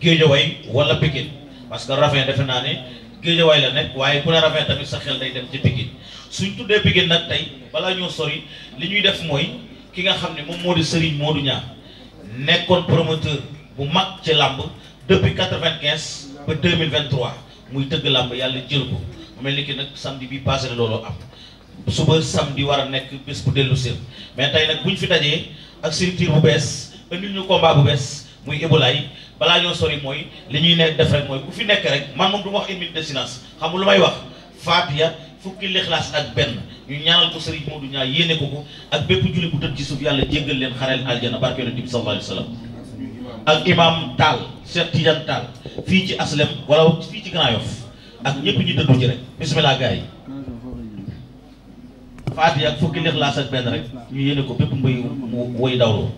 géejawaay wala Pikine parce que Ravin defe naa ne géejawaay la nekk waaye bu la Ravin tamit sa xel day dem ci Pikine suñ tuddee Pikine nag tey balaa ñoo sori li ñuy def mooy ki nga xam ne moom moo di moo Modou Niang nekkoon promoteur bu mag ci làmb depuis quatre-vingt-quinze ba deux mille vingt-trois muy tëgg làmb yàlla jël ko mu mel ni nag samedi bi passé la looloo am suba samedi war a nekk bés bu dellu seen mais tey nag bu ñu fi dajee ak structure bu bees indil ñu combat bu bees muy Ibou balaa ñoo sori mooy li ñuy ne def rek mooy ku fi nekk rek man moom du ma wax une minute de silence xam nga lu may wax Faatiha fukki lixlaas ak benn ñu ñaanal ko Serigne Modou Niang yéene ko ko ak bépp julli bu tëdd ci suuf yàlla jéggal leen xareel aljana barke yonent bi sallallahu alayhi wa sallam ak imam fii ci Aslem wala fii ak ñëpp ñu dëddu ci rek bismillah gars yi Faatiha ak fukki lixlaas ak benn rek ñu yéene ko bépp mbay mu woy dawloo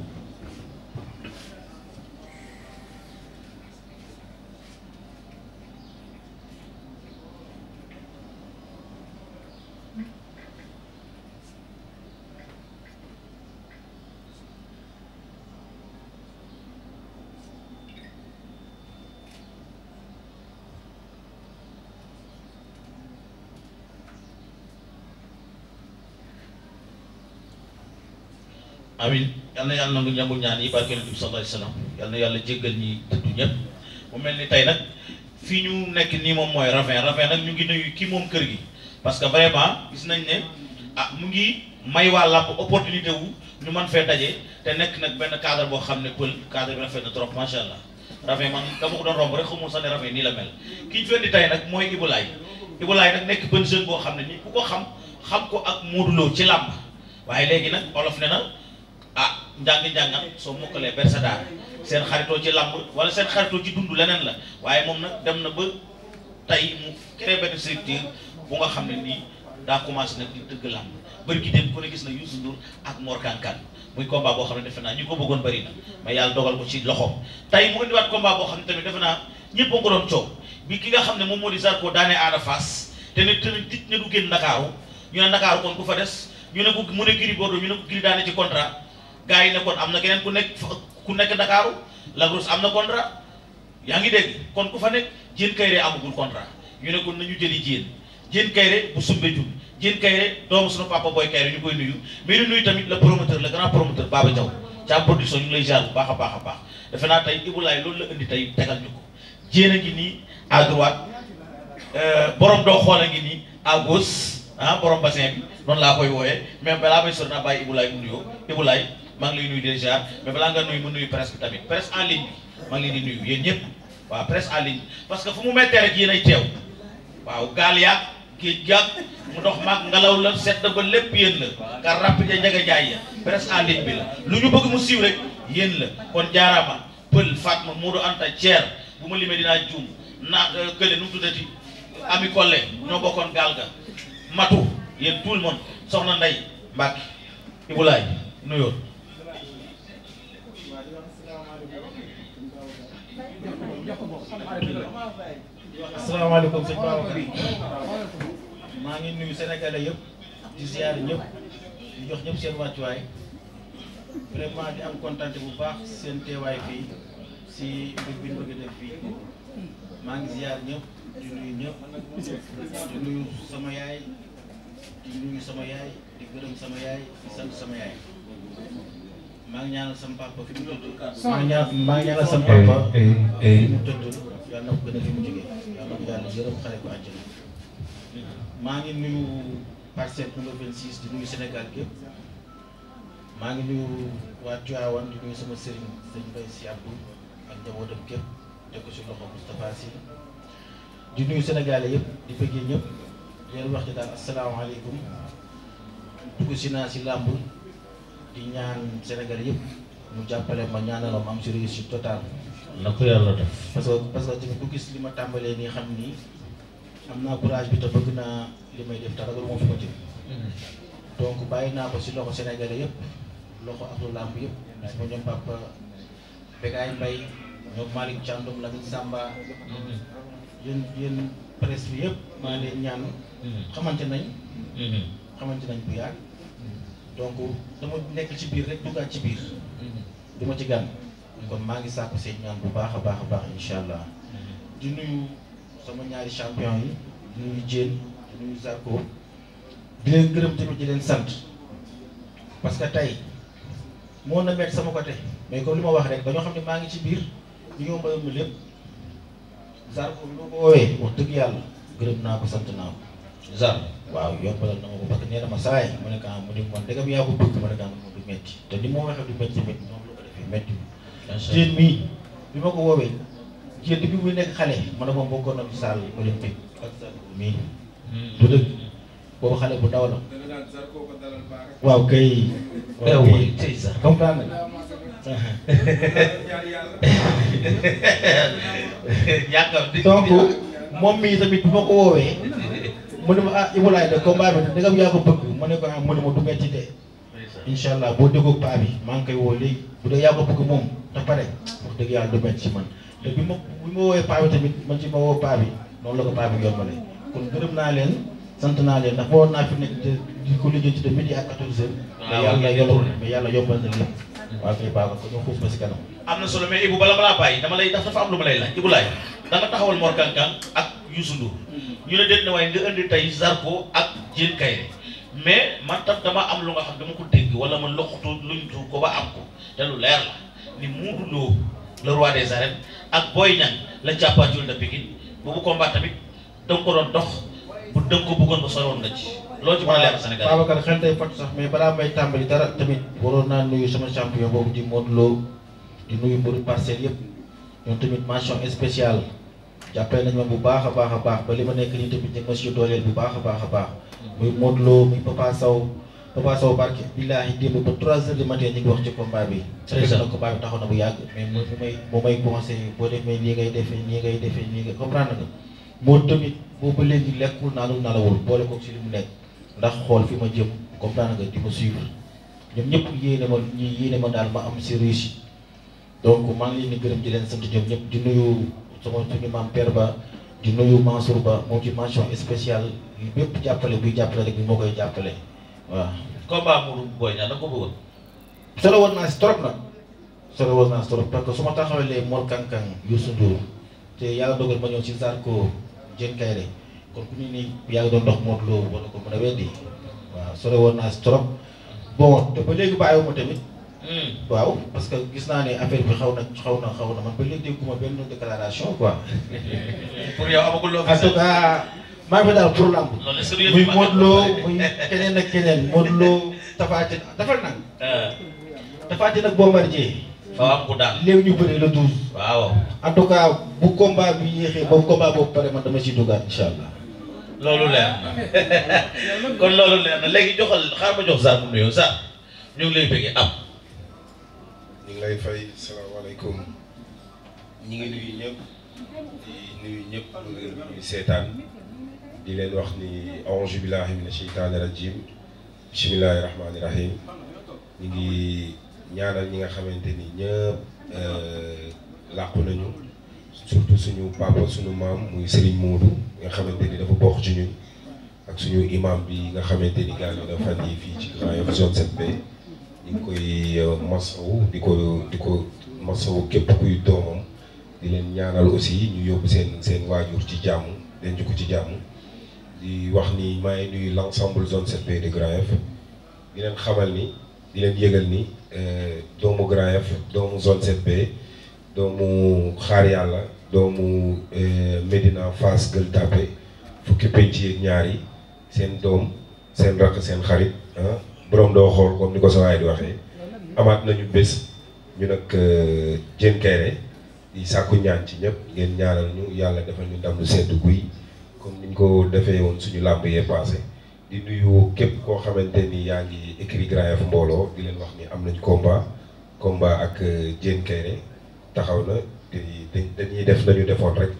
amin yal na yàlla nangu ñàmbul ñaan yi barke nabi sallallahu alayhi wasallam yal na yàlla ñi tudd ñëpp mu mel ni tey nag fii ñu nekk nii moom mooy Ravin Ravin nag ñu ngi nuyu kii moom kër gi parce que vraiment gis nañ ne ah mu ngi may waa làpp opportunité wu ñu man fee daje te nekk nag benn cadre boo xam ne pël cadre bi rafet na trop macha allah man dama ko doon romb rek xamul sax ne Ravin nii la mel ki ñu fee di tey nag mooy Ibou Laye nag nekk benn jeune xam ne nii ku ko xam xam ko ak Modou Lo ci làmb njàng-njàngam soo mokkalee bersa daara seen xaritoo ci làmb wala seen xaritoo ci dund leneen la waaye moom na dem na ba tey mu créé benn structure bu nga xam ne nii daa commencé nag di dëgg làmb bëri ki dem ku ne gis na Youssou Ndour ak Mor Kang Kang muy combat boo xam ne defe naa ñu ko bëggoon bëri na ma yàlla dogal ko ci loxoom tey mu indiwaat combat boo xam ne tamit defe naa ñëpp a ko doon coow bi ki nga xam ne moom moo di Zarko daane Ada Fass te ne tëna tij ne du génn Ndakaaru ñu ne Ndakaaru ñu ne ko mu ne Gris Bordeaux ñu ne gars yi ne kon am na keneen ku nekk ku nekk Ndakaaru Lagos am na contrat yaa ngi dégg kon ku fa nekk Diène Kaïré amagul contrat ñu ne kon nañu jëli Diène jën Kaïré bu sumbe jub jën Kaïré doomu suñu papa Boy Kaïré ñu koy nuyu mais nuyu tamit la promoteur la grand promoteur Baba Diaw ca production ñu lay jaar bu baax a baax a baax defe naa tey Ibou Laye loolu la indi tey tegal ñu ko Diène a ngi nii à droite euh, borom doo xool a ngi nii à gauche ah borom noonu laa koy wooyee mais balaa may sori naa bàyyi Ibou Laye mu maa ngi lay nuyu déjà mais balaa nga nuyu mu nuyu presse tamit presse en ligne bi maa ngi leen di nuyu yéen ñëpp waaw presse en parce que fu mu méttee rek yéen ay teew waaw gaal yaag géej gaag mu dox maag ngelaw la sedd ba lépp yéen la car rapide njaga jaay ya presse en ligne bi la lu ñu bëgg mu siiw rek yéen la kon jaaraama pël Fatma Modou Anta Thier bu ma limee dinaa juum naa euh, kële nu mu Ami Collé ñoo bokkoon gaal ga matu yéen tout asalaamaaleykum sëñ Babacar maa ngi nuyu sénégalais yëpp di ziar ñëpp di jox ñëpp seen wàccuwaay vraiment di am kontaan bu baax seen teewaay fii si mbir bi ñu bëgg def fii maa ngi ziar ñëpp di nuyu ñëpp sama yaay di nuyu sama yaay di gërëm sama yaay di sant sama yaay. maa ngi sama papa maa ngi ñaanal a maa ngi nuyu Parcelles Unité di nuyu Sénégal gépp maa ngi nuyu waa Tivaouane di nuyu sama sëriñ sëñ Mbaye Sy Abdou ak njabootam gépp teg ko si loxo Moustapha Sy di nuyu Sénégalais yëpp di bëggee ñëpp di leen wax ci daal asalaamaaleykum dugg si naa si làmb. di ñaan Sénégal yëpp mu jàppale ma ñaanal ma am si réussite totale. na ko yàlla def. parce que parce que tamit ku gis li ma tàmbalee nii xam ni am naa courage bi te bëgg naa li may def te ragal moo fi ko jëm. Mm-hmm. donc bàyyi naa ko si loxo Sénégalais yëpp loxo ak làmb yëpp. sama ñoom Papa Begaay Mbaye ñoom Malick Thiandoum Lamine Samba. Mm-hmm. yéen yéen presse maa leen ñaan. Mm-hmm. xamante nañ. xamante nañ bu yàgg. donc dama nekk ci biir rek duggaat ci biir. Mhm. du ma ci gànn. kon maa ngi sàkku seen ñaan bu baax a baax a baax incha allah. Mhm. di nuyu sama ñaari champion yi di nuyu Diène di nuyu Zarko di leen gërëm tamit di leen sant parce que tey moo na met sama côté mais comme li ma wax rek dañoo xam ne maa ngi ci biir ñu ñoo mbayam na lépp Zarko bi ko woowee wax dëgg yàlla gërëm naa ko sant naa ko Zarko waaw yombalal na ma ko parce que nee na ma saay ko ah mu ne man dëgg yaa ko bëgg ma ne ko ah man du métti te ni moo waxee du métti métti moom la ko defee métti jigéen mii bi ma ko woowee jigéen ma na fi salle olympique ak salle mii hmm. du la waaw kay eh, waaw kay tey sax comprendre nga moom mii tamit bi ma ko woowee mu ne ma ah Ibulaay de combat bi dëgg am yaa ko bëgg mu ne ko ah mu ne ma du metti de incha allah boo déggoo paa bi maa ngi koy woo léegi bu dee yaa ko bëgg moom te pare wax dëgg yàlla du metti ci man bi ma bi ma woowee paa bi tamit man ci ma woo paa bi noonu la ko paa bi yombale naa leen sant naa leen ndax ah, na lépp. waaw kay baax ko ñoo xuuf ba si kanam. am na solo mais Ibou bala balaa bàyyi dama lay dafa am lu ma lay laaj Ibou Laye da taxawal Mor Kang Kang ak Youssou Ndour ñu ne déet na waaye nga indi tey Zarko ak Diène Kaïré mais man tam dama am lu nga xam dama ko dégg wala ma loxutu luñ tu ko ba am ko te lu leer la ni Modou Lo le ak Boy la càppaajul de Pikine boobu combat ko doon dox bu danga ko bëggoon ba soroon nga ci loolu ci mën a leer Sénégal Babacar xel day fat sax mais balaa may tàmbali dara tamit waroon naa nuyu sama champion boobu di Modou Lo di nuyu mbëru parcelle yëpp ñoom tamit mention spéciale jàppee nañ ma bu baax a baax a baax ba li ma nekk nii tamit ñu ma si dooleel bu baax a baax a baax muy Modou Lo muy Papa Sow Papa Sow barke billaahi ba trois heures du matin ñu ngi wax ci combat bi fekk na combat taxaw na bu yàgg mais moo may conseillé demee lii ngay defee nii ngay defee nii nga comprendre nga moo tamit boobu léegi lekkul naanul nalawul boole ko ci li mu nekk ndax xool fi ma jëm comprendre nga di ma suivre ñoom ñëpp yéene ma ñu yéene ma daal ma am si réussite donc maa ngi leen di gërëm di leen sant ñoom ñëpp di nuyu sama suñu maam Père Ba di nuyu Mansour Ba moom ci mention spéciale bépp jàppale buy jàppale rek bi moo koy jàppale waaw. combat mu booy ñaan da ko bëggoon. solo woon naa si parce que su ma taxawalee Mor Kankang Youssou Ndour te yàlla dogal ma ñëw si Zarko Dieng Kayre kon ku ñu ni yàlla doon ndox Modou Lo wala ko mën a weddi waaw solo woon naa si trop te ba léegi bàyyiwuma tamit. Hmm. waaw parce que gis naa ne affaire bi xaw na xaw na xaw na man ba léegi dégguma benn déclaration quoi. pour yow amagul loo en tout cas ah. bëri le douze. waaw en tout cas bu combat bi yéexee boobu pare kon loolu leer na léegi joxal xaar ma jox Sarr mu nuyoo Sarr ñu ngi lay bëggee am. ñu ngi lay fay salaamaaleykum ñi ngi nuyu ñëpp di nuyu ñëpp ñuy seetaan di leen wax ni aouzu billahi mina sheytaani rajim bismillahi rahmaani rahim ñu ngi ñaanal ñi nga xamante ni ñëpp eh, làqu nañu surtout suñu papa suñu maam muy Serigne Modou nga xamante ni dafa bokk ci ñun ak suñu imam bi nga xamante ni gaañu na fan yi fii ci Grand Yoff zone 7B ñu ngi koy euh, masawu di ko di ko masawu képp kuy doomam di leen ñaanal aussi ñu yóbbu seen seen waajur ci jàmm denc ko ci jàmm di wax ni maa ngi nuyu l'ensemble zone 7B de Grand Yoff di leen xamal ni di leen yëgal ni euh, doomu Grand Yoff doomu zone 7B doomu xaar yàlla doomu euh, Médina fas Gueule Tapée fukki penc yeeg ñaar seen doom seen rakk seen xarit ah. borom doo xool comme ni ko sa waay di waxee amaat nañu bés ñu nag euh, Diène Kairé di sàkku ñaan ci ñëpp ngeen ñaanal ñu yàlla defal ñu ndam lu sedd guy comme niñ ko defee woon suñu làmb yee passé di nuyu képp koo xamante ni yaa ngi écrit mbooloo di leen wax ni am nañ combat combat ak euh, taxaw na te dañuy def nañu defoon rek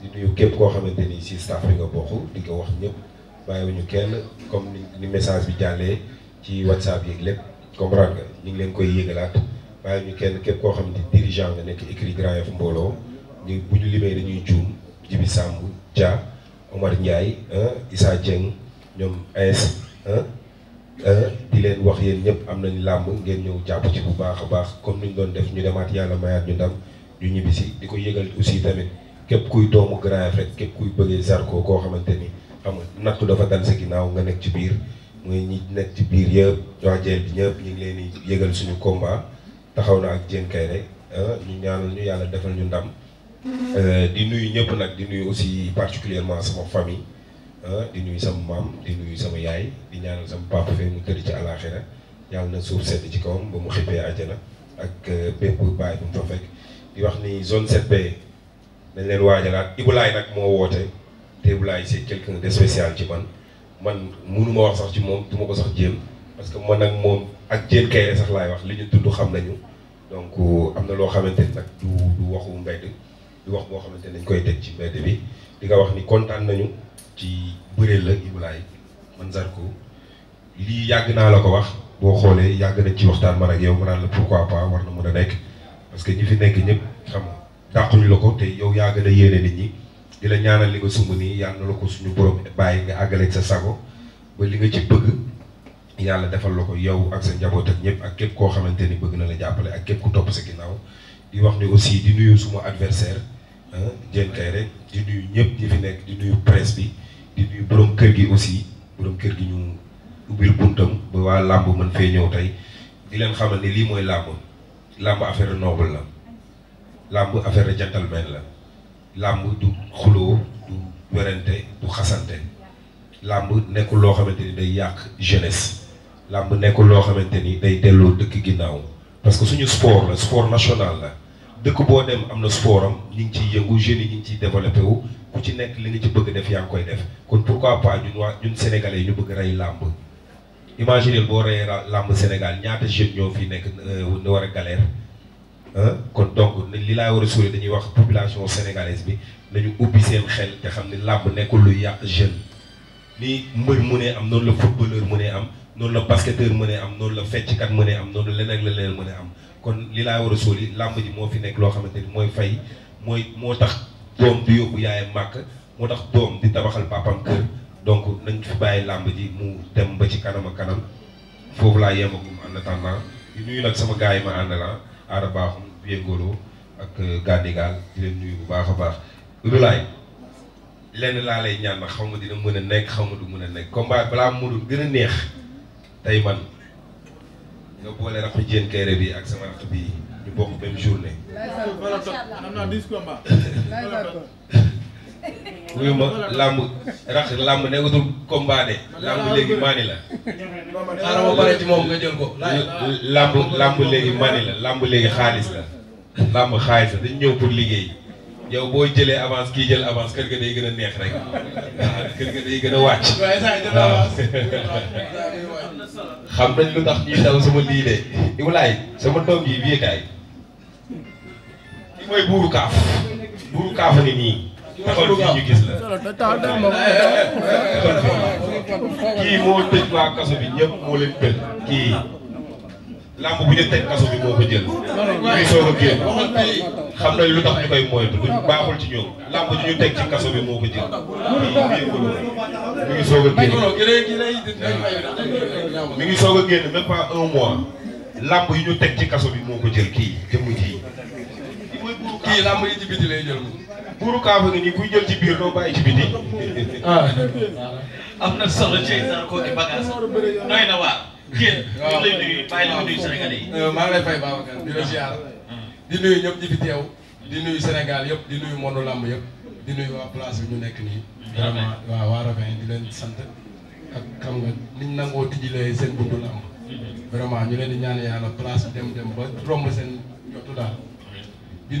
di képp koo xamante ni si staff bi nga bokk di ko wax ñëpp bàyyiwuñu kenn comme ni message bi jàllee ci whatsapp yeeg lépp comprendre nga ñu ngi leen koy yëgalaat bàyyi ñu kenn képp koo xam ne dirigeant nga nekk écrit Grand Yoff mbooloo ñu bu ñu limee dañuy juum Jibi Samb Dia Omar Ndiaye Issa Dieng ñoom AS di leen wax yéen ñëpp am nañ làmb ngeen ñëw jàpp ci bu baax a baax comme ni ñu doon def ñu demaat yàlla mayaat ñu ndam ñu si di ko yëgal aussi tamit képp kuy doomu Grand Yoff rek képp kuy bëggee sarko koo xamante ni am nga nattu dafa dal sa ginnaaw nga nekk ci biir muy ñi nekk ci biir yëpp waa Diène bi ñëpp ñu ngi leen di yëgal suñu combat taxaw na ak Diène Kaïré ah, ñu ñaanal ñu yàlla defal ñu ndam. Eh, di nuyu ñëpp nag di nuyu aussi particulièrement sama famille. Ah, di nuyu sama maam di nuyu sama yaay di ñaanal sama papa fee mu tëdd ci àllaaxira yàlla na suuf sedd ci kaw ba mu xippee àjjana ak eh, bépp baay bu mu fa fekk. di wax ni zone set b dañ leen waaja Ibou Laye nag moo woote te si Laye de spécial ci man. man munuma wax sax ci moom duma ko sax jéem parce que man nag moom ak jéem kay sax wax li ñu dund xam nañu donc euh, am na loo xamante ni nag du du waxu mbedd du wax boo xamante ni dañ koy teg ci mbedd bi di nga wax ni kontaan nañu ci bëreel la Ibou Laye man Zarko lii yàgg naa la ko wax boo xoolee yàgg nañ ci waxtaan man ak yow ma naan la pourquoi pas war na mën a nekk parce que ñi fi nekk ñëpp xam dàquñu la ko te yow yaa na a yéene nit ñi. di la ñaanal li nga sumb nii yàlla na la ko suñu borom bàyyi nga àggaleeg sa sago ba li nga ci bëgg yàlla defal la ko yow ak sa njaboot ak ñëpp ak képp koo xamante ni bëgg na la jàppale ak képp ku topp sa ginnaaw di wax ni aussi di nuyu suma adversaire Diène Kaïré rek di nuyu ñëpp ñi fi nekk bi di kër gi aussi borom kër gi ñu buntam waa làmb mën fee ñëw tey di leen xamal lii mooy làmb affaire noble la affaire gentleman la làmb du xuloo du werante du xasante làmb nekkul loo xamante ni day yàq jeunesse làmb nekkul loo xamante ni day delloo dëkk ginnaaw parce que suñu sport la sport national la dëkk boo dem am na sport am ñu ngi ciy yëngu jeunes yi ci ngi wu ku ci nekk li nga ci bëgg def yaa ngi koy def kon pourquoi pas ñun waa ñun sénégalais ñu bëgg rey làmb imaginez boo reyee làmb Sénégal ñaata jeunes ñoo fi nekk euh, war a galère kon donc li laa war a sori dañuy wax population sénégalaise bi nañu ubbi seen xel te xam ne làmb nekkul lu yàq jeune ni mbër mu ne am noonu la footballeur mu ne am noonu la basketteur mu ne am noonu la fecckat mu ne am noonu la leneen la leneen mu ne am kon li laa war a sori làmb ji moo fi nekk loo xamante ni mooy fay mooy moo tax doom di yóbbu yaayam màkk moo tax doom di tabaxal papam kër donc nañ fi bàyyi làmb ji mu dem ba ci kanam kanam foofu laa yemagum en attendant di nuyu sama gars yi ma àndal ah. aara baaxum Biengolo ak euh, Gandigal di leen nuyu bu baax a baax Doudou lenn laa lay ñaan xaw ma dina mën a nekk xaw ma du mën a nekk combat balaa mu doon gën a neex tey man nga boole rakk jéen kayre bi ak sama rakk bi ñu bokk même journée. wuyu ma làmb rax làmb nekkatul combat de làmb léegi maani la. ko. làmb làmb léegi làmb léegi xaalis la làmb xaalis la dañ ñëw pour liggéey yow boo jëlee avance kii jël avance kër gën a neex rek waaw kër gën a wàcc. waaw xam nañ lu tax ñuy daw sama lii de Ibrahima sama doom yi viétaay mooy buuru kaaf buuru kaaf ni nii. kon fii ñu gis kii moo tëj waa kaso bi ñëpp moo leen bël kii làmb bu ñu teg kaso bi moo ko jël ñuy soog a génn xam nañ lu tax ñu koy moytu duñ ci ñoom làmb ji ñu moo ko jël mi ngi soog a génn mi ngi soog a génn même pas un mois làmb yi ñu teg ci kaso bi moo ko jël kii jëmm ji buuru kaafu ngi nii kuy jël ci biir doo bàyyi ci biti ah. am na solo ci ko di bagage nooy na waar. Diène ñu ngi lay nuyu bàyyi la ko nuyu Sénégalais yi. Euh, maa ngi lay fay Babacar di la ah. ziar di nuyu ñëpp ñi fi teew di nuyu Sénégal yëpp di nuyu monde làmb yëpp di nuyu waa place bi ñu nekk nii. vraiment waaw waa Ravin di leen sant ak xam nga niñ nangoo tijjilee seen buntu làmb. Mm-hmm. vraiment ñu leen di ñaan yàlla place bi dem dem ba romb seen jotu daal.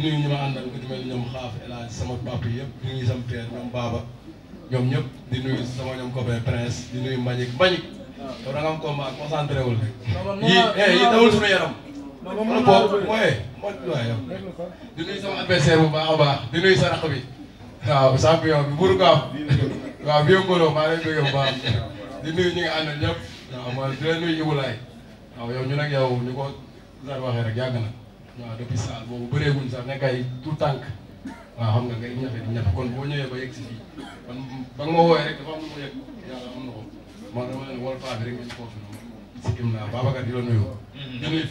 di nuyu ñu ma àndal ko ci mel ni ñoom xaaf El Hadj sama papa yëpp di nuyu sama père ñoom Baba ñoom ñëpp di nuyu sama ñoom copain Prince di nuyu Mbagnick Mbagnick. waaw da nga am combat concentré wul rek. yii eh, yii dawul suñu yaram. moom moom di nuyu sama adversaire bu baax a baax di nuyu sa rakk bi. waaw champion bi Bourou Kaaf waaw Vieux Ngolo maa ngi lay bu baax di nuyu ñi nga àndal ñëpp waaw mooy di leen nuyu Ibou Laye waaw yow ñu nag yow ñu ko waxee rek yàgg na. waaw depuis saal boobu bëreeguñ sax sa ay tout tànk waaw xam nga ngay ñafe di ñafe kon boo ñëwee ba yegg ba nga ma woowee rek dafa am lu ma yegg yàlla am na ko man dama leen wol paa bi nga foofu noonu si kim naa Babacar di la nuyu mm-hmm. di nuyu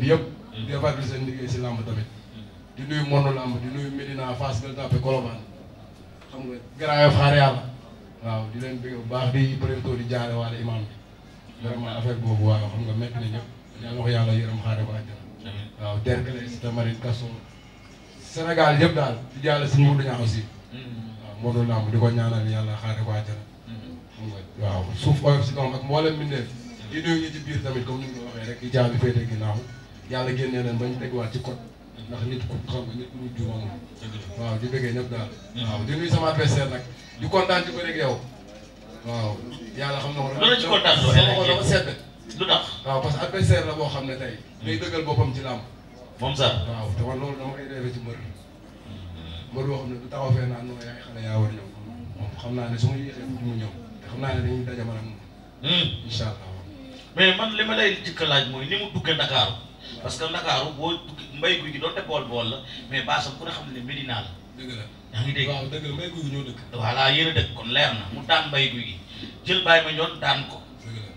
bi yëpp mm-hmm. di fàttali seen liggéey si làmb tamit mm-hmm. di nuyu Monde Làmb di nuyu Médina Fass Gueule Tapée Colobane nga garaayof di leen bëgg bu baax bi préto di jaare waale imam bi vraiment affaire boobu waaw xam nga métti na ñëpp yàlla wax yàlla yërëm waaw Derklé de Marine Gasson Sénégal yëpp daal di jàll si Modou Niang aussi. Mm-hmm. waaw Modou Lamb di ko ñaanal yàlla xaare a àjjana. Mm-hmm. waaw suuf oyof si doom ak mboolem mbindeef. di nuyu ko waxee rek di jaabi ginnaaw yàlla génnee leen ba ñu tegwaat ci code. Mm-hmm. ndax nit ku xam nit ku juróom waaw di bëggee ñëpp daal. waaw di nuyu sama adversaire nag. di kontaan ci ko rek yow. waaw yàlla xam na ko. loolu la ci lu tax waaw parce que adversaire la boo xam ne tey. day dëggal boppam ci làmb. moom sax waaw te man loolu dama koy defee ci mbër. mbër du taxaw fee naan non yaay xale yaa war ñëw naa ne su ma mu ñëw te xam naa ne dañuy daje man ak moom. Hmm. incha mais man li ma lay jëkk laaj mooy ni mu duggee Dakar parce que Dakar boo guy gi doon te bool bool la mais baasam ku ne xam ne Medina dëgg la yaa ngi dégg dëgg la mbay guy kon leer na mu daan mbay guy gi jël bàyyi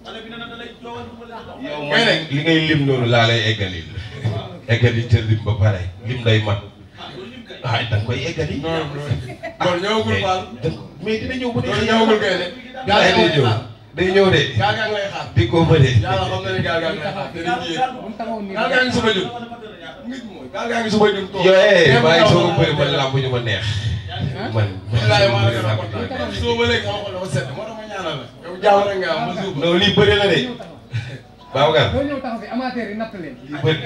yow man li ngay lim loolu laa lay eggali eggali tërdim ba pare lim day mat ah da nga koy eggali. non non ñëwagul Fall. mais dina ñëw bu dee. loolu ñëwagul kay de. gaa day ñëw day ñëw de. gaa gaa ngay xaar di ko bëre. yàlla xam na ne gaa gaa ngay xaar te dañuy yéen. gaa gaa ngi suba ñun. gaa gaa ngi suba ñun. yooyee bàyyi soo ko bëri man làmb ñu ma neex. man man làmb ñu ma neex. ana la yow jaaw na nga ma suuf non lii bëri la de Babacar doo ñëw taxaw fi amateur yi natt leen lii bëri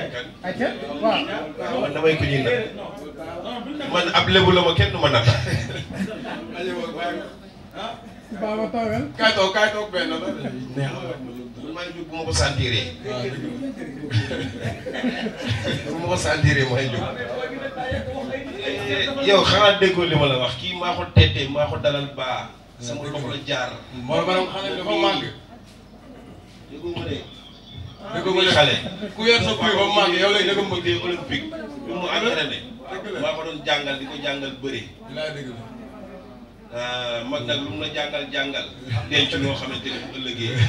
acca waaw man damay ko ñuy natt man ab lébu la ma kenn du ma natt baaba toogal kaay toog kaay toog benn la neex man jub bu ma ko sentiré bu ma ko sentiré may jub eh, yow xanaa déggoo ma la wax kii maa ko teetee maa ko sama loxo la jaar. mooy maanaam xam ne dafa màgg. dëgg ma de. dëgg ma de xale. ku yor sa kuy ba màgg yow mu entraîné. maa jàngal di ko jàngal bëri. laa euh, nag mu la jàngal jàngal. denc loo xamante ni bu ëllëgee.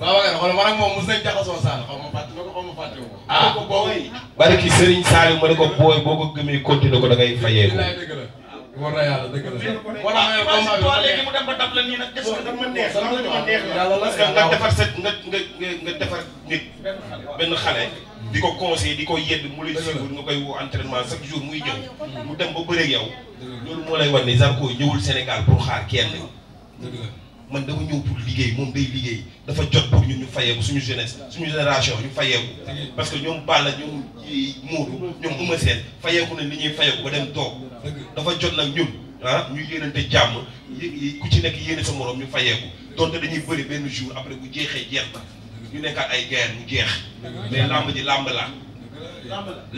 man ak moom mos nañ jaxasoo Sall xaw ma fàtte ko xaw ma fàtte ah. ko. ah booy. bari ki Serigne Saliou ko booy ko gëmee ko da ngay fayee war na yàlla dëgg la sax. voilà waaw léegi mu dem parce que nga defar nit. benn xale. di ko conseillé di ko yedd mu lay suivre nga koy woo entraînement chaque jour muy ñëw. mu dem ba bëreeg yow. loolu moo lay wan ni Zarko ñëwul Sénégal pour xaar kenn. dëgg man dama ñëw pour liggéey moom day liggéey dafa jot pour ñu fayeeku suñu jeunesse suñu génération ñu fayeeku parce que ñoom Balla ñoom Moodu ñoom Eumeu seen fayeeku nañ li ñuy fayeeku ba dem toog dafa jot nag ñun ah ñu yéenante jàmm ku ci nekk yéene sa morom ñu fayeeku donte dañuy bëri benn jour après bu jeexee jeex na ñu nekkaat ay guerre mu jeex mais làmb ji làmb la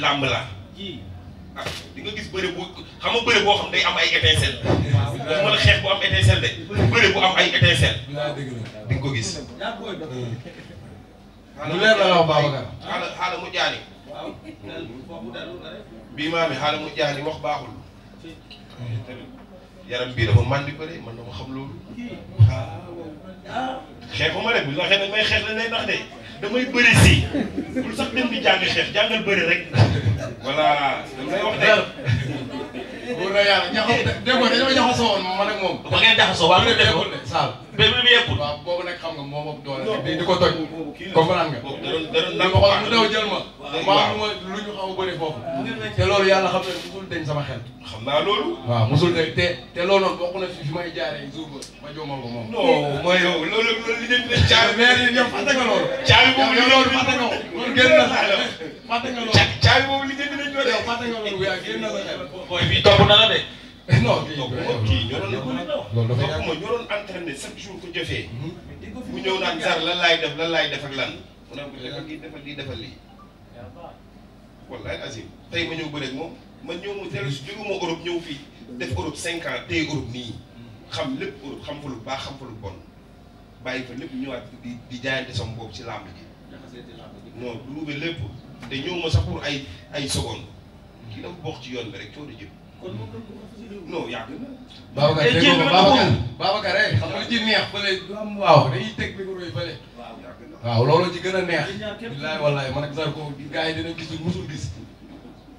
làmb la di gis bëre bu xam nga bëre boo xam day am ay étincelle. waaw waaw mën a xeex bu am étincelle de. bëre bu am ay étincelle. di nga ko gis. Hmm. lu leer la wax Babacar. xaala xaala mu jaani. bii maa mi xaala mu jaani wax baaxul. yaram bii dafa màndi bëre mën na ma xam loolu. Ah. xeexuma rek bu ñu waxee nag may xeex lañ lay ndax de. damay bëri si bul sax dem di jàng xeex jàngal bëri rek voilà dama lay wax de. wala yàlla ñaxaw dégg nga dañoo ñaxasoo woon man ak moom. ba ngeen jaxasoo waaw loolu nekkul de Sall. mais loolu nekkul. waaw boobu nag xam nga moom ak doole di ko toj. kii la comprendre nga. boobu dara dara ndax mu daw jël ma. waaw waaw lu ñu xaw a bëri foofu. te loolu yàlla xam na ne musul dañ sama xel. xam naa loolu. waaw musul dañ te te loolu noonu bokk na fi fi may jaaree jour ba ma joomal ko moom. non mooy yow loolu loolu li ngeen di ne caabi. mais yéen ñoom fàtte nga loolu. caabi boobu li ngeen di fàtte nga loolu génn na sa xel. fàtte nga loolu caabi boobu li ngeen di ne ñoo def. fàtte nga loolu yaa génn na sa xel. mooy bii topp na la de. non kii ñoo doon ñoo doon entraîné chaque jour ko jëfee. Hmm. mu ñëw naan zar lan laay def lan laay def ak lan. mu ne ko defal lii defal lii defal lii wallaay azim tey ma ñëw bëreeg moom ma ñëw mu teel jóguma Europe ñëw fii def Europe cinq ans tey nii xam lépp Europe xam fa lu baax xam fa lu bon bàyyi fa lépp ñëwaat di di jaayante sama boobu ci làmb ji. non duube lépp te ñëw ma sax pour ay ay seconde kii dafa bokk ci yoon bi rek coono jëm. kon moom non yàgg na. Babacar déggoo eh, xam nga li ci neex fële. waaw dañuy teg micro yi waaw loolu ci gën a neex. billaay wallaay man ak Zarko gars yi dinañ gis lu musul gis.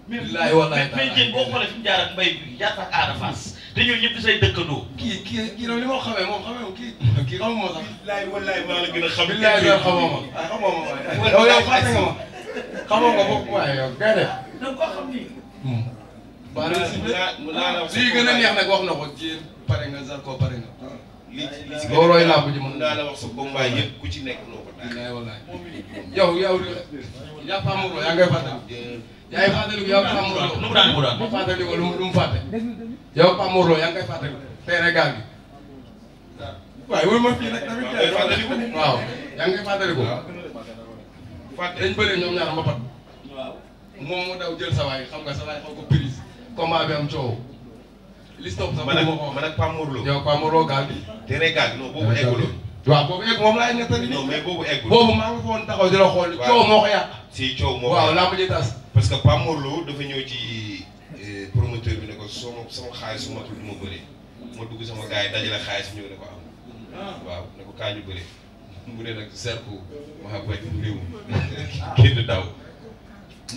billaay wallaay mais mais Dieng boo xoolee fi mu jaar ak mbay bi jaar ak aada Fass te ñooñu ñëpp say dëkkandoo. kii kii kii li ma xamee moom xamee kii kii xamuma sax. billaay wallaay maa la gën a xam. billaay wallaay xamoo ah, ma ah xamoo ma waay. yow yow fàtte nga ma xamoo nga foofu waaye yow gën a. da nga koo xam ni. maanaam hmm. si gën a neex nag wax na ko ci pare nga Zarko pare nga. Ah. loolooy làmb ji mën naa la wax sa bombaay yëpp ku ci nekk noo ko daal wallaay yow yow yaa Pamuro yaa ngay fàttali yaay fàttali yow Pamuro nu mu daan mu daan fàttali ko lu mu fàtte yow Pamuro yaa ngay fàttali teere gaal gi waaye wala ma fii nag tamit fàttali ko waaw yaa ngay fàttali ko fàtte dañ bëree ñoom ñaar mbapat moom mu daw jël sa waay xam nga sa waay xaw ko prise combat bi am coow li si topp sax man ak man ak Pam Morlo. yow Pam Morlo gaal bi. tere gaal bi non boobu egguloon. waaw boobu egg moom laay nettali. non mais boobu eggul. boobu maa ngi foon taxaw di la xool. waaw coow moo ko yàq. si coow moo ko yàq waaw laa ko jël tas. parce que Pam Morlo dafa ñëw ci eh, promoteur bi ne ko soo ma sama xaalis su matul du ma bëree. ma dugg sama gars yi dajale xaalis ñëw ne ko am. waaw ne ko kaa ñu bëree. mu ne nag cercle maa bëgg réew kenn daw.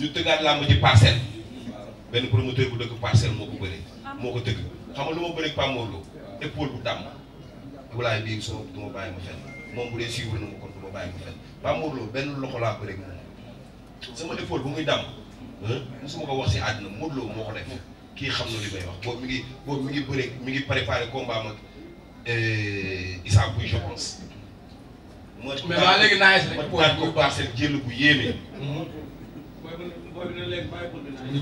ñu tëggaat làmb ci parcelle. benn promoteur bu dëkk parcelle moo ko bëree. moo ko tëgg xam nga lu ma bëreeg Pape Morlo épaule bu tàmm walaay bii soo du ma bàyyi ma fenn moom bu dee suivre na ma kon du ma bàyyi ma fenn Pape Morlo benn loxo laa bëreeg moom sama épaule bu muy dàmm musuma ko wax si àddina Modou Lo moo ko def kii xam na li may wax boobu mi ngi boobu mi ngi bëreeg mi ngi préparé combat mag euh, Issa Pouye je moo mais waa léegi naa yées ko paase jël bu yéeme.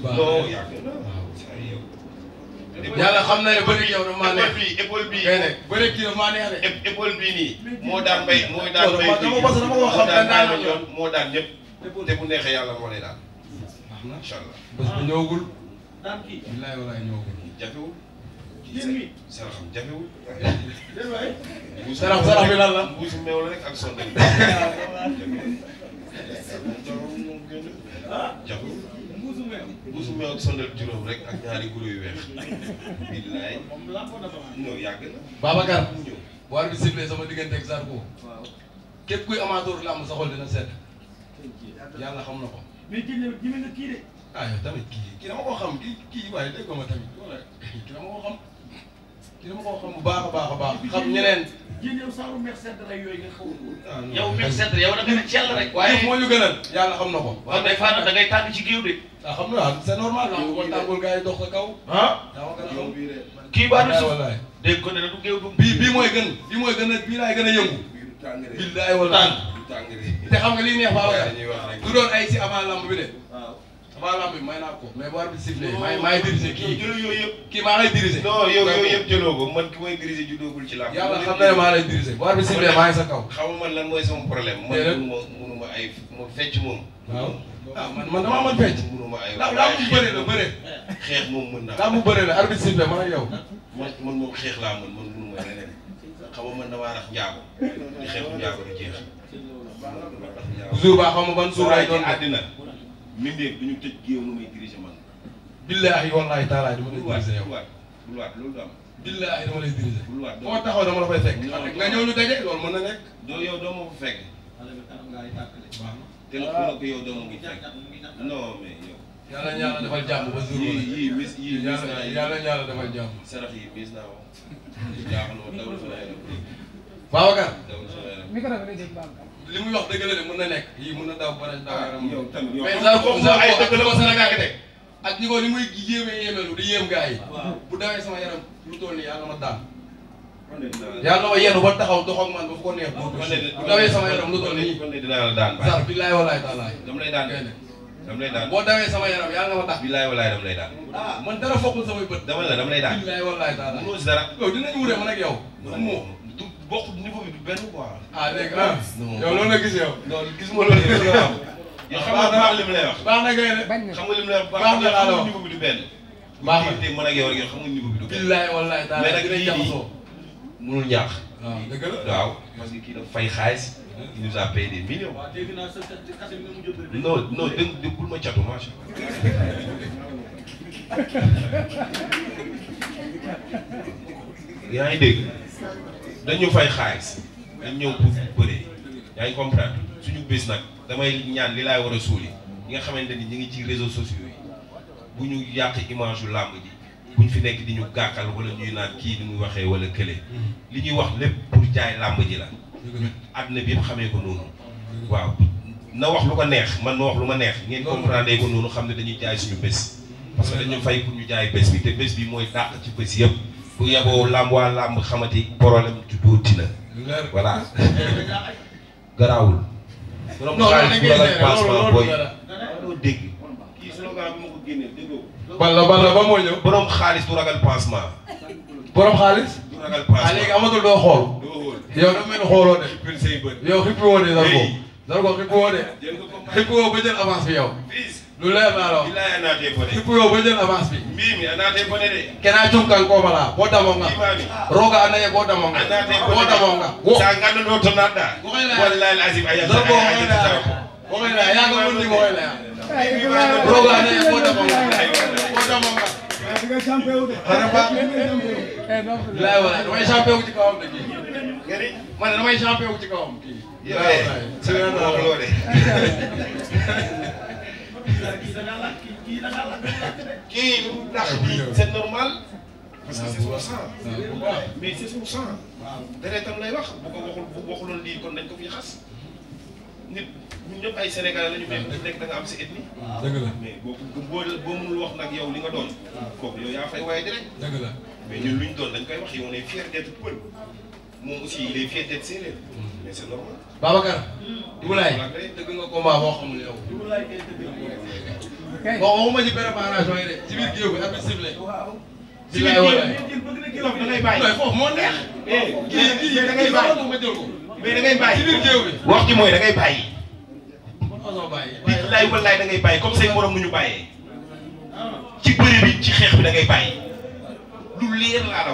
booy yàlla xam na ne bëri yow dafa maa neex école bi école bii. kay nekk bëri kii neex moo daan mbay moo daan mbay bii moo daan daan moo daan ñëpp te bu neexee yàlla moo lay daal. incha allah bés bu ñëwagul. daan kii billaay walaay ñëwagul. jafewul. jën wi sarax jafewul. sarax sarax bi lan la. mbuusu meew la rek ak sonde. buusu meew sondal juróom rek ak ñaari guro yu weex billaay non yàgg na Babacar bu war bi sifflé sama diggante ak ko képp kuy amateur la am sa xol dina sedd yàlla xam na ko mais jël jëme na kii de ah yow tamit kii kii dama ko xam kii kii waaye ma ko xam dina ma koo xam bu baax a baax a baax xam ñeneen jén yow saaru meex sedd rek yooyu nga xaw ah, yow meex sedd yow da nga ne cell rek waaye moo ñu gënal yàlla xam na ko waaw day faana da ngay tàng ci géew de waaw ah, xam na c'est normal ah. yow ma tàngul gars yi dox sa kaw ah daa ma gën a xam kii baadu suuf dégg ko ne du géew du bii bii mooy gën bii mooy gën a bii laay gën a yëngu billaay wala tàng te xam nga lii neex baax du doon ay si avant lamb bi de maa lamb bi may naa ko. mais bu war bi sifflé maay maay diriger kii jëloo yooyu yëpp. kii maa lay diriger. non yow yooyu yëpp jëloo ko man ki may diriger judoogul ci làmb. yàlla xam na ne maa lay diriger bu war bi sifflé maa ngi sa kaw. xaw ma man lan mooy sama problème. man mënuma mënuma ay ma fecc moom. waaw ah man man damaa mën fecc. mënuma ay waaw laa mu bëree la bëree. xeex moom mën naa. laa mu bëree la arbitre sifflé man ak yow. man man moom xeex laa mën man mënuma leneen. xaw ma man damaa rax njaago di xeexu njaago di jeex. jour baa xaw ma ban jour lay doon àddina mbindeef duñu tëj géew nu may dirigé man. billaahi wallaahi taalaay dama lay dirigé yow. bul waat loolu du am. billaahi dama lay dirigé. bul waat foo taxaw dama la fay fekk. nga ñëw ñu daje loolu mën na nekk. doo yow doo ma fa fekk. te nag ku nekk yow doo ma ngi fekk. non mais yow. yàlla ñaara dafal jàmm ba jour yii yii mis yii mis naa yi yàlla ñaara dafal jàmm. sarax yi mis naa ko. jaaxal ma dawal sama yaram. Babacar. dawal sama yaram. micro bi li muy wax dëgg la de mën na nekk yii mën na daaw ba daaw ah, yaram yow tam yow mais Zarko ay dëgg la ko Sénégal teg ak ñi ko li muy yéeme yéemelu di yéem gars yi bu dawee sama yaram lu toll nii yàlla ma daan yàlla ma yenn ba taxaw doxoog man ba fu ko neex bu dawee sama yaram lu toll nii sar billaay walaay taalaay dama lay daan dama lay daan boo dawee sama yaram yaa nga ma tax billaay walaay dama lay daan ah, man dara fokkul samay bët dama la dama lay daan billaay walaay taalaay dinañ wuree man ak yow moo bokkul niveau bi du benn quoi. ah léegi ah, ah. yow loolu la gis yow. non gis ma loolu yow la yow xam nga baax li mu lay wax. baax na kay de xam nga li mu lay wax baax na laa la wax niveau bi du benn. baax na tey mën ak yow rek xam nga niveau bi du benn. billaay wallaay daal mais nag kii nii mënul ñaax. waaw ah, dëgg la waaw parce que kii dafa fay xaalis. il nous a payé des millions. waaw dégg naa sa kase bi nga mujj a bëri. non non dégg déggul ma catu macha allah. yaa ngi dégg. dañu fay xaalis dañ ñëw pour bëree yaa ngi suñu bés nag damay ñaan li laay war a suuli ñi nga xamante ni ñu ngi ci réseau sociaux yi bu ñu yàq image yu làmb ji bu ñu fi nekk di ñu gàkkal wala ñuy naan kii ni muy waxee wala kële mm-hmm. li ñuy wax lépp pour jaay làmb ji la ñu àdduna bi yëpp xamee ko noonu waaw na wax lu ko neex man ma wax lu ma neex ngeen comprendre ko noonu xam ne dañuy jaay suñu bés parce que dañu fay pour ñu jaay bés bi te bés bi mooy dàq ci bés yëpp bu yeboo làmb waa làmb xamati problème ju dóoti na voilà garaawul borom xaalis bu la laaj passeport booy loo dégg balla balla ba moo ñëw borom xaalis bu ragal pansement borom xaalis bu ragal pansement ah, léegi amatul doo xool yow dafa mel ni xooloo de yow xippi woo de Zarko Zarko xippi woo de xippi woo ba jël avance bi yow lu leer naa la ila a naatee bone i puyoo bo jël avance bi mbii mi a naatee bone de kena cungkanko fala bo damonga rooga anda ye bo damonga bo damonga sa ngandoɗo to naatɗa wallahi l asim a yaaaaa oxena yaaga mo ndig oxe leya rooga anda ye bo damonga bo damonga lay wala damay champion wu ci kawam de kii man damay champion wu ci kawam kii yow de kii da ngaa laaj kii da ngaa laaj kii lu mu ndax c'est normal. parce que c'est son mais c'est son sang. lay wax bu ko waxul bu waxuloon lii kon dañ ko fiy xas. nit ñun ñëpp ay Sénégalais la ñu mel. nekk da am si ethnie. dëgg la mais boo boo boo mënul wax nag yow li nga doon. kooku yow yaa fay waaye direct. dëgg la mais ñun lu ñu doon dañ koy wax yow on est fier d'être pël. moom aussi il est fier d'être séeréer mais c'est normal. Babacar. Hmm. Dibulaay dëgg nga combat boo xamul yow. Dibulaay kay dëgg. bon waxuma ci préparation ngay bàyyi. foofu moo eh, eh, ngay bàyyi ma jël ko. mais da ngay nu ñu ci bëri bi ci xeex bi da ngay bàyyi. lu leer laa la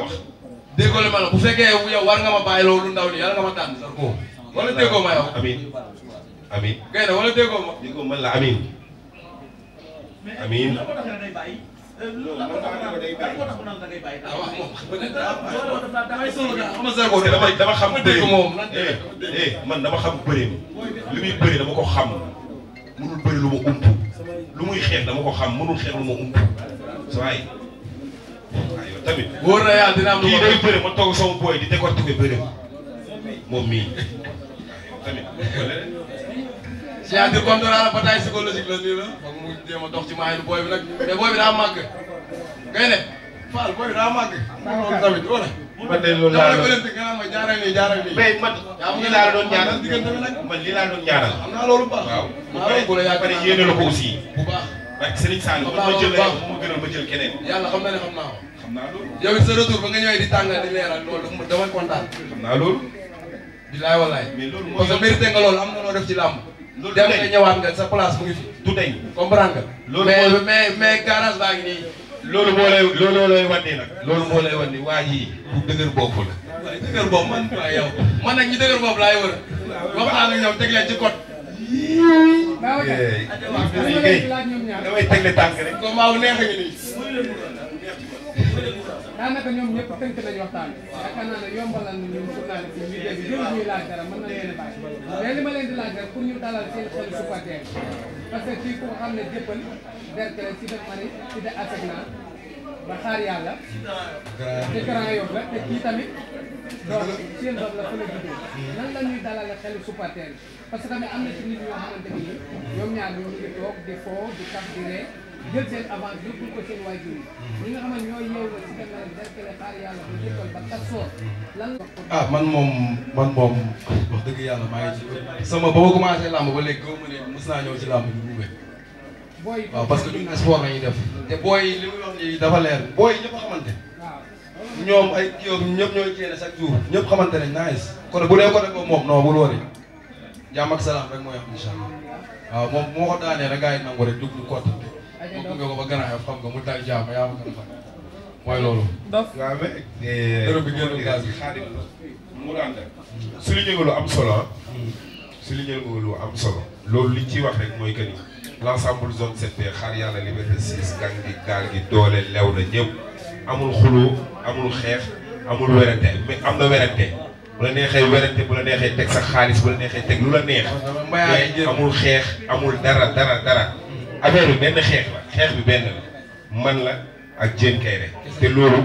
déggoo la ma la bu fekkee yow war nga ma bàyyi loolu ndaw li yàlla nga ma tànn sax ko oh. wala déggoo ma yow. amiin amiin. gën wala déggoo ma. déggoo man la amiin. amiin. loolu la dama dama xam bëri eh, eh, man dama xam bëri li muy bëri dama ko xam mënul bëri lu ma ump lu muy xeex dama ko xam mënul xeex lu ma ump waaye. waaw yow tamit. wóor na yàlla dina am lu ma kii day bëri ma toog sama booy di décortiquer bëri moom mii yow tamit. c'est-à-dire comme danaa la bataille psychologique la nii la foog mu jéem a dox ci maayanu booy bi nag mais booy bi daa màgg ngay ne Fall booy bi daa màgg. loolu tamit wala. man de loolu laa doon damay nga ma jaarale nii jaarale nii. mais man lii laa doon ñaanal diggante bi nag. man lii laa doon ñaanal. am naa loolu baax. waaw bu paree bu paree yéene la ko aussi. bu baax. parce que Serigne Saliou man ma jël la yow ma gënal ma jël keneen. yàlla xam na ne xam naa ko. naa loolu. yow it sa retour ba nga ñëwee di tàngal di leeral loolu dama kontaan. xam naa loolu. bilaay walaay. mais loolu mooy parce que mérité nga loolu am na loo def ci làmb. loolu dem nga ñëwaat nga sa place mu ngi fi. du tey comprendre nga. loolu mais mais mais garage baa ngi nii. loolu moo lay looloo lay wan nii nag. loolu moo lay wan nii waa yii. bu dëgër boobu la. waaye dëgër boobu man waaye yow. man nag ñi dëgër boobu laay wër. waxtaan ak ñoom teg leen ci code. damay tegle tànk rek. comme waaw neex a ngi nii. daanaka ñoom ñëpp tënk nañu waxtaan bi yaakaar naa ne yombalal na ñun journaliste yi liggéey jël ñuy laaj mën na leen a bàyyi mais li ma leen di laaj pour ñu dalal seen xol supporter parce que fii ku xam ne jëppal derkle si def mari si de aseg naa ba xaar yàlla te grand yob la te kii tamit donc seen la fa la juddoo nan la ñuy dalal xel supporter parce que tamit am na ci nit ñoo xamante ni ñoom ñaar ñoo ngi toog di foo di tax di ree jël seen avance yóbbul ko seen waajur yi. ñi nga xam ne ñooy yeewoo si gànnaaw derkele xaar yàlla bu njëkkal ba tasoor lan ah man moom man moom wax dëgg yàlla maa ngi ci sama ba ma commencé làmb ba léegi gëw ma ne mos naa ñëw ci làmb bi buubee. booy waaw parce que ñun sport la ñuy def. te booy li muy wax nii dafa leer booy ñëpp xamante. ñoom ay kii ñëpp ñooy génne chaque jour ñëpp xamante ne nice. kon bu dee côté boobu moom non bul wari jàmm ak salaam rek mooy am incha allah waaw moom moo ko daanee rek gars yi nangu rek dugg côté. mu gunge ko ba gànnaay mooy loolu. su eh, li ñëwee lu am solo ah. Hmm. su li ñëwee lu am solo. loolu liñ ci wax rek mooy que ni l' ensemble zone 7B xaar yàlla liberté 6 gang gi gaal gi doole lew na ñëpp amul xuloo amul xeex amul werante mais am na werante. bu la neexee werante bu la neexee teg sa xaalis bu la neexee teg lu la neex. amul xeex amul dara dara dara. Hmm. affaire bi benn xeex la xeex bi benn la man la ak Diène Kaïré te loolu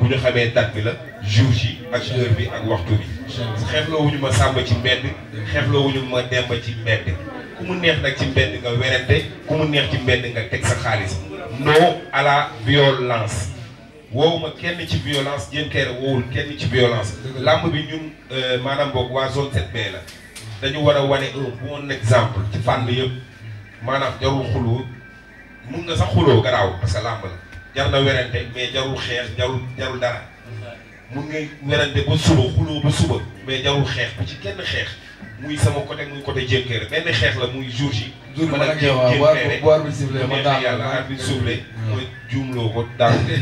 bu ñu xamee date bi la jour ji ak heure bi ak waxtu bi xeexloo wuñu ma sàmba ci mbedd xeexloo wuñu ma demba ci mbedd ku mu neex nag ci mbedd nga werante ku mu neex ci mbedd nga teg sa xaalis non à la violence woowuma kenn ci violence Diène Kaïré woowul kenn ci violence làmb bi ñun euh, maanaam boog waa zone 7B la dañu war a wane un bon exemple ci fànn yëpp maanaam jarul xuloo mun nga sax xuloo garaaw parce que làmb la jar na werante mais jarul xeex jarul jarul dara mun ngay werante ba suba xuloo ba suba mais jarul xeex bu ci kenn xeex muy sama côté muy côté jénkeere benn xeex la muy jour ji man ak jénkeere mu neex yàlla ak bi soufflé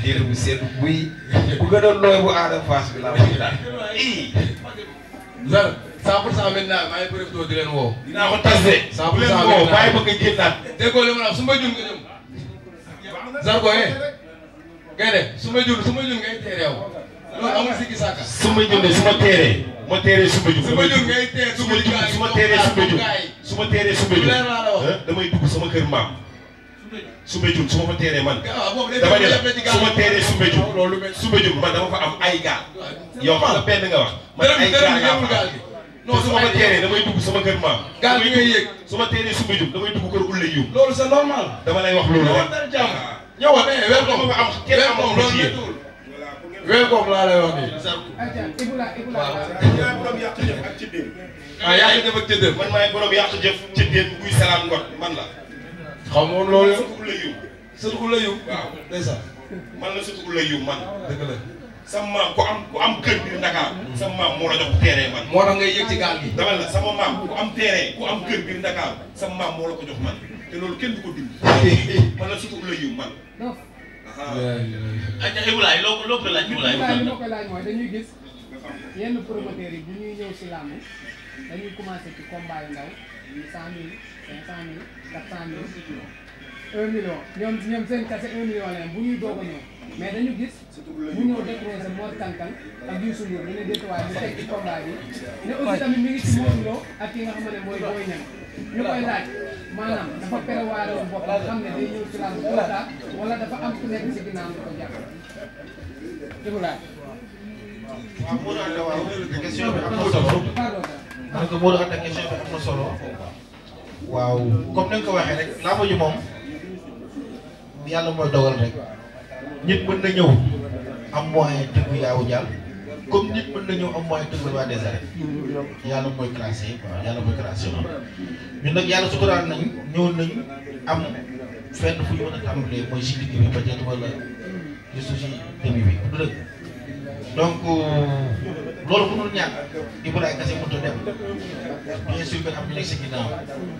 bu seet buy bu gën a nooy bu aada faas bi laa mooy daal cent pour cent maintenant maa ngi profité di leen woo. dinaa ko tas de. cent pour cent maintenant bàyyi ma nga génnaat. déggoo li ma la su ma jur nga jëm. Zarko eh. Gaynde su ma jur su ma jur ngay teeree yow. loolu amul sikki sàkka. su ma jur de su ma teeree. ma teeree su ma jur. su ma jur ngay teer su ma jur su ma teeree su ma jur. su ma teeree su ma jur. damay dugg sama kër maam. Soumbédioune su ma fa teeree man. dama ne la su ma teeree Soumbédioune. Soumbédioune man dama fa am ay gaal. yow xam nga benn nga wax. man ay gaal non su ma ko teeree damay dugg sama kër maam. gaal bi ngay yëg su ma teeree su ma jub damay dugg kër ulle yiw. loolu c'est normal. dama lay wax loolu la. ñëw wax mais weer kooku am kenn amul lu ci yéen. weer kooku laa lay wax nii. waaw. ah yaa ngi def ak jëndër. man maay borom yàq jëf ci déet buy salaam ngot man la. xam nga loolu yow. surtout ulle yiw. surtout ulle yiw. waaw ndeysaan. la surtout ulle man. dëgg la. sama maam ku am ku am kër biir Dakar. sama maam moo la jox terrain man. moo tax ngay yëg ci gaal bi dama la sama maam ku am terrain ku am kër biir Dakar sama maam moo la ko jox man te loolu kenn du ko dindi. man la surtout la yiw man. waaw. ayca Ibrahima loo ko loo ko laaj Ibrahima. dañuy gis yenn promoteurs yi bu ñuy ñëw si làmb dañuy commencé ci combat yu ndaw yu cent mille cinq cent mille quatre cent mille. un million ñoom ñoom seen kase un million la bu ñuy doog a ñëw mais dañu gis mu ñëw décroché Mor Kankan ak Youssou Ndour ñu ne déet waaye mu teg ci combat bi ne aussi tamit mi ne dafa am ku nekk ci ginnaaw lu ko jàpp dëgg laa ko waxee rek làmb ji moom yàlla mooy dogal rek nit mën na ñëw am moyen tëggu yaawu jàll comme nit mën ñëw am moyen tëggu waa des arènes yàlla mooy classé quoi yàlla mooy classé noonu ñun nag yàlla suturaal nañu ñëw nañu am fenn fu ñu mën a tàmbalee mooy si digg bi peut-être wala juste si demi bi du dëgg donc euh, loolu mënul ñàkk di bëri ay kese mënut a dem bien sûr am ñu nekk si ginnaaw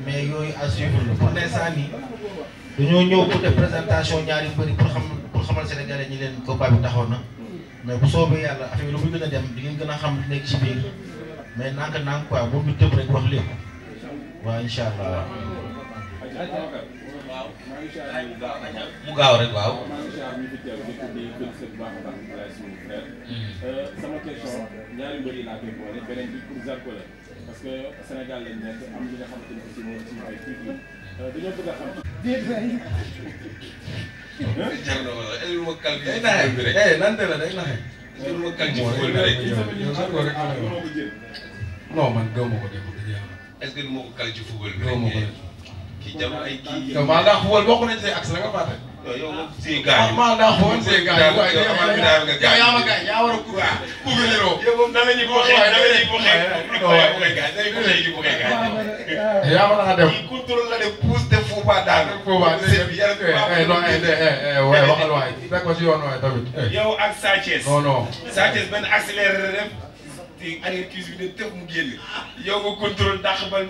mais yooyu à suivre la pour l'instant nii dañoo ñëw pour def présentation ñaari mbëri pour xam pour xamal Sénégalais ñi leen combat bi taxaw na mais bu soobee yàlla affaire yi lu muy gën a dem di ngeen gën a xam li nekk ci biir mais nank nank quoi moom ñu tëb rek wax lépp waaw incha allah. mu gaaw rek waaw. Euh, sama question ñaari mbër yi laa koy boole beneen bi pour Zarko la parce que Sénégal lañ nekk am li nga xamante ne aussi moom ci ay tuuti euh, dañoo bëgg a xam. déet waay. jar na wala ay ma calcul naxe bi rek eh nante la day naxe. jël ma calcul bi rek. non man gëmmu ko de est-ce que du ma ko calcul football bi rek. kii jaru ay kii. yow maa daa xool bokk nañ say accès nga fàtte. yow moom seen gars yi maa daa xool seen gars yi waaye yow man daa nga gars yi yow yaa yaa war a ku ah ku bi niroo. yow moom nan la ñuy bokkee nan la ñuy bokkee. waaw waaw waaw gars yi nan la ñuy bokkee gars yi. yaa mën a dem kii contrôle la de pousse de Fouba daal. Fouba sëñ bi yàlla koy waxee non waaye waxal waay. fekk ko si yoon waay tamit. yow ak Sathiès. non non Sathiès benn accéléré def. te arrière cuisse bi ne tëf mu génn yow nga contrôle dàq bal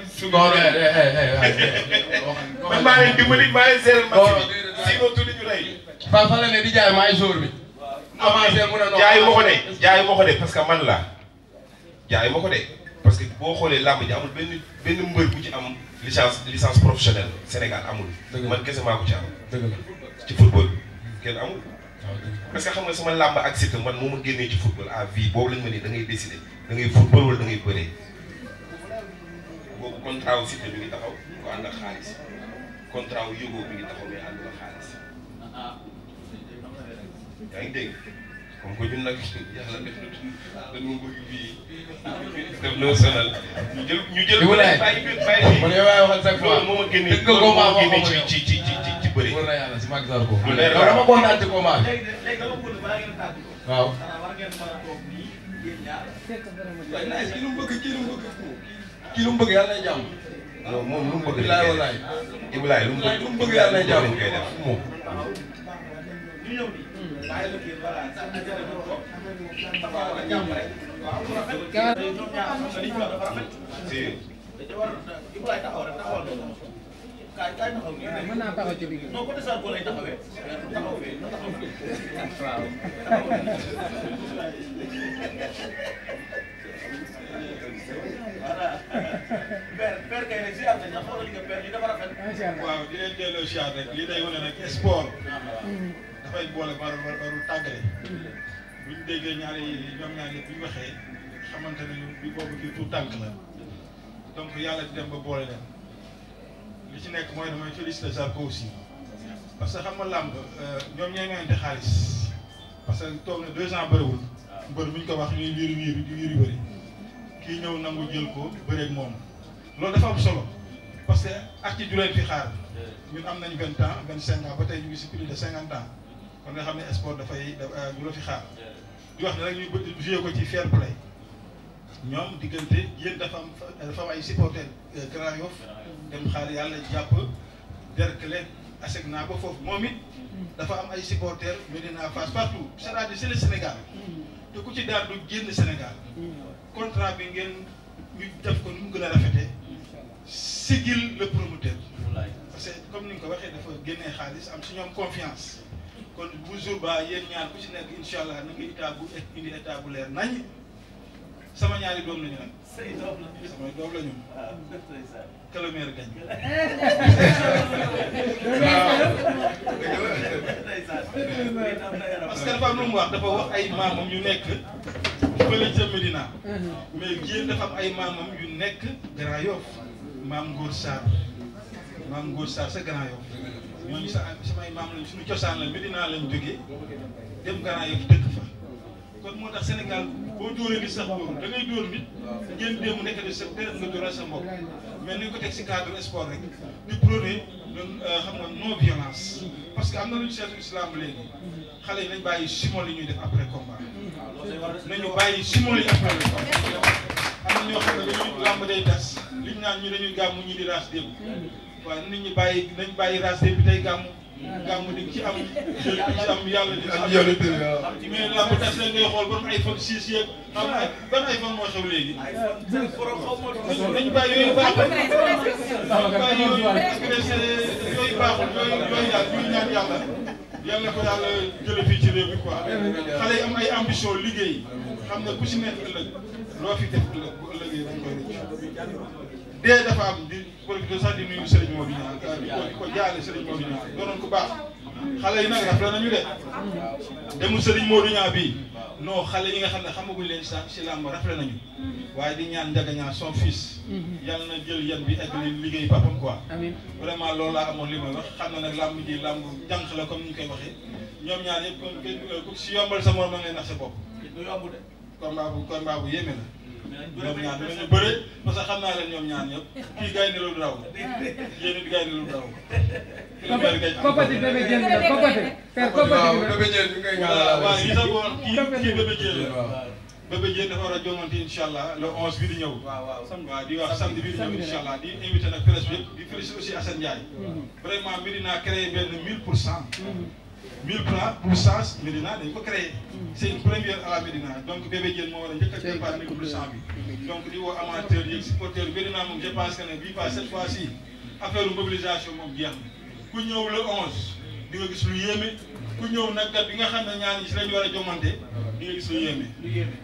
parce que man la jaay ma parce que boo xoolee làmb ji am licence licence professionnelle amul. man ah, nga sama làmb ak Siteu man moo ma génnee ci football à ah, vie boobu lañ ma ne da ngay décider. da ngay football wala da ngay bëree boobu contrat wu Siteu mi ngi taxaw ko ànd ak xaalis contrat wu Yégo mi ngi taxaw mais ànd ak xaalis yaa ngi dégg comme que ñun nag yàlla def na tuuti dañoo bëgg fii def na sonal ñu jël ñu jël. walaay bàyyi bi bàyyi bi waxal chaque fois moom a génne moom a génne ci ci ci ci ci bëri. walaay yàlla si mag Zarko. lu leer la dama kontaan ci combat bi. léegi léegi dama bëgg balaa ngeen tàggatoo. waaw. war ngeen mën a toog. waaye naa kii lu mu bëgg kii lu mu bëgg kii lu mu bëgg yàlla na jàmm. non moom lu mu bëgg laay walaay. mu mu kaay kaay taxaw nii. mën naa taxaw ci liggéey. non côté Sarko lay taxawee. taxaw fee taxaw fee. waaw. voilà. père père kay rek ziar nañ la xoolal nga père li dafa rafet. macha allah waaw di leen delloo ziar rek li day wane nag sport. Mm-hmm. dafay boole baru baru tàggale. Mm-hmm. buñ déggee ñaari ñoom ñaari buñ waxee xamante ne bi boobu kii tout tànk la donc yàlla di dem ba boole leen. li ci nekk mooy damay félicité saa aussi parce que xam nga làmb euh, ñoom ñooy mayante xaalis parce que toog na deux ans bëriwul mbër bu ñu ko wax ni wiiri wiiri di wiiri bëri kii ñëw nangu jël ko bëreeg moom loolu dafa am solo parce que ak ci juróom fi xaar ñun am nañ vingt ans vingt cinq ba tey ñu ngi si de cinquante ans kon nga xam ne sport dafay du la fi xaar di wax ne rek ñu joué ko ci fair play ñoom diggante yéen dafa am dafa am ay supporter euh, Grand Yoff dem xaar yàlla jàpp Derklé aseg naa ba foofu moom it dafa am ay supporter Médina Fass partout c'est-à-dire c'est le Sénégal te ku ci daal du génn Sénégal contrat bi ngeen ñu def ko nu mu gën a rafetee sigil le promoteur parce comme ni nga ko waxee dafa génnee xaalis am si ñoom confiance kon bu jour ba yéen ñaar ku ci nekk incha allah na nga état indi état leer nañ sama ñaari doom lañu nag. say doom la ñu. samay doom ah, wax dafa wax ay maamam yu nekk fële ca Medina. Mm-hmm. mais Diène dafa am ay maamam yu nekk Grand Yoff. maam Ngor Sarr. maam Ngor Sarr sa Grand Yoff. ñooñu sa samay maam lañu suñu cosaan la Medina lañu jógee dem Grand Yoff dëkk fa. kon moo tax Sénégal boo dóoree nit sax dóor da ngay dóor nit nekk di sa deret nga dóoral sa mbokk mais nañ ko teg si cadre sport rek di prôné loolu euh, xam nga violence parce am na lu ñu seetlu islam léegi xale yi nañ bàyyi simon li ñuy def après combat nañu bàyyi simon yi après le combat am na ñoo ne ñu naan ñu dañuy gàmm ñu di raas démb waaye nit ñi bàyyi nañ bàyyi raas démb bi gàmm di ci am ci am yàlla di am yàlla di am ci mais làmb tas la ngay xool borom iPhone 6 yeeg am ban iPhone moo xew léegi nañ bàyyi yooyu baaxul bàyyi yooyu yooyu baaxul yooyu yooyu daal ñuy ñaan yàlla yàlla ko daal jële fii ci réew mi quoi xale yi am ay ambition liggéey xam ne ku si nekk ëllëg loo fi def ëllëg bu ëllëgee dañ dee dafa am di profité sax di nuyu Serigne Modou Niang di ko di ko jaale Serigne Modou Niang doonoon ku baax xale yi nag rafet nañu de demul Serigne Modou Niang bii non xale yi nga xam ne xamaguñ leen sax si làmb rafet nañu waaye di ñaan Ndiaga Niang son fils. yàlla na jël yan bi ak liggéey ba papam quoi. amiin vraiment loolu laa amoon li may wax xam na nag làmb ji làmb jànq la comme ni ñu koy waxee ñoom ñaar yëpp kon si yombal sa morom nga nax sa bopp. du yomb de. combat bu combat bu yéeme ñoom ñaar nañu bëre parce que xam naa leen ñoom ñaar ñëpp kii gaynde lu raw yéen it gaynde lu raw Koppati bébé jël nga koppati père koppati bébé jël bi ngay waaw yi sax woon kii kii bébé jël bébé jël dafa war a jongante incha allah le onze bi di ñëw waaw waaw di wax samedi bi di ñëw incha allah di invité nag presse bi di félicité aussi Assane Ndiaye vraiment mi dinaa créé benn mille pour cent 1000 francs pour change Médina dañ ko créé. c' est une première à la Médina donc bébé Diène moo war njëkk a déparé pour change bi. donc di woo amateur yeeg supporteur Médina moom je pense que ne bii pas cette fois ci affaire mobilisation moom jeex na ku gis lu yéeme ku ñëw nag kat bi nga xam ne ñaar ñi si war a jomante di nga gis lu yéeme.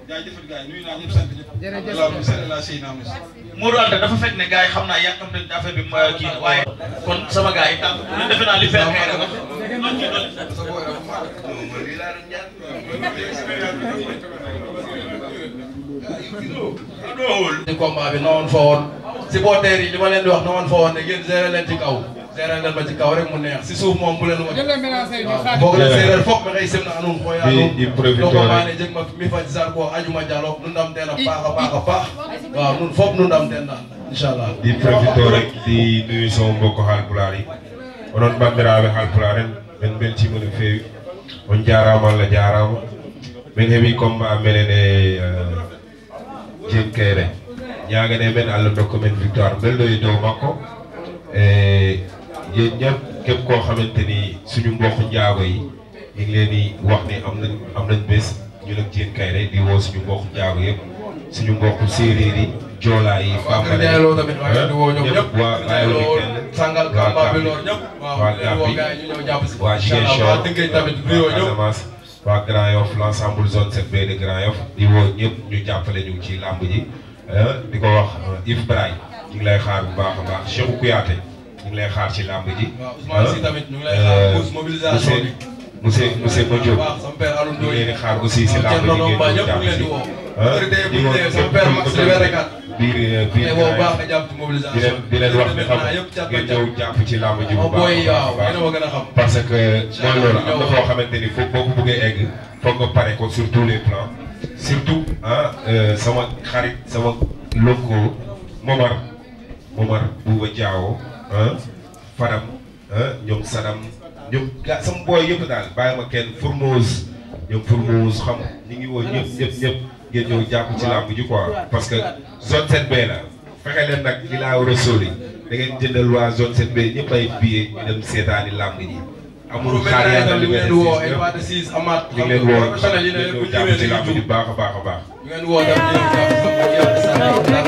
jaajëfal gars yi nuyu naa ñëpp sant ñëpp. jërëjëf alhamdulilah bisimilah Seydina Moussa. Modou dafa fekk ne gars yi xam naa yàqam nañ affaire bi ma kii waaye sama gars yi naa li fekk ci combat bi na woon fa woon supporters yi li ma leen di wax na woon fa woon ne yéen gérer leen ci kaw gérer leen ba ci kaw rek mu neex si suuf moom bu leen wax waaw boog leen séeréer foog ma xëy sëm na anum xooy anum donc maa ne jëg ma mi fa sar ko ajuma dialoog nu ndam teen a paax a paax a paax waaw nun foop nu ndam teen daal incha allah di profité rek di nuyu sama mbokk xaalpulaar yi onoon bandiraɓe xaalpulaar en min beltimoni no feewi on jarama allah jarama min heeɓi combat minen e euh, jinkere ñagane men allah dokka men victoire belɗo e dow makko e yen ñam képp koo xamante ni suñu mbokk njaago yi ñu leen di wax ni am nañ am nañ bés ñu nag Diène Kairé di woo suñu mbokk njaago yëpp suñu mbokk séeréer yi joolaa yi. Ah, Fapal yi waaw tamit maa ngi leen di woo ñoom eh? ñëpp. waaw Sangal Kamba bi loolu ñëpp. waaw di woo gars yi ñu ñëw jàpp si. waa Ziguinchor tamit Rio ñëpp. waa Grand Yoff l' ensemble zone 7B de Grand Yoff. di woo ñëpp ñu jàppale ñu ci làmb ji. Eh? di ko wax eh, Yves Braille. ñu ngi lay xaar bu baax a baax Cheikh Kouyaté. ñu ngi lay xaar ci làmb ji. waaw Ousmane Sy tamit ñu ngi lay xaar cause mobilisation bi. monsieur monsieur Madiop. ñu ngi leen di xaar aussi ci làmb ji ngeen di jàpp si. di woo di woo biir eh, biir di leen di leen wax ne xam ngeen ñëw jàpp ci làmb ji bu oh baax parce que mooy loolu am na foo xamante ni foofu boo ko bëggee egg foog nga pare ko sur tous les plans surtout ah euh, sama xarit sama lonko Momar Momar Bouba Diawo ah Fadam ah ñoom Sadam ñoom ga sama booy yëpp daal bàyyi ma kenn Fourmouse ñoom Fourmouse xam ñu ngi woo ñëpp ñëpp ñëpp. ngeen ñëw ci làmb ji quoi parce que zone 7B la leen nag li laa war a sóoli da ngeen jëndal waa zone 7B ñëpp ay billet ñu dem seetaani làmb ji. amul ji baax a baax a baax.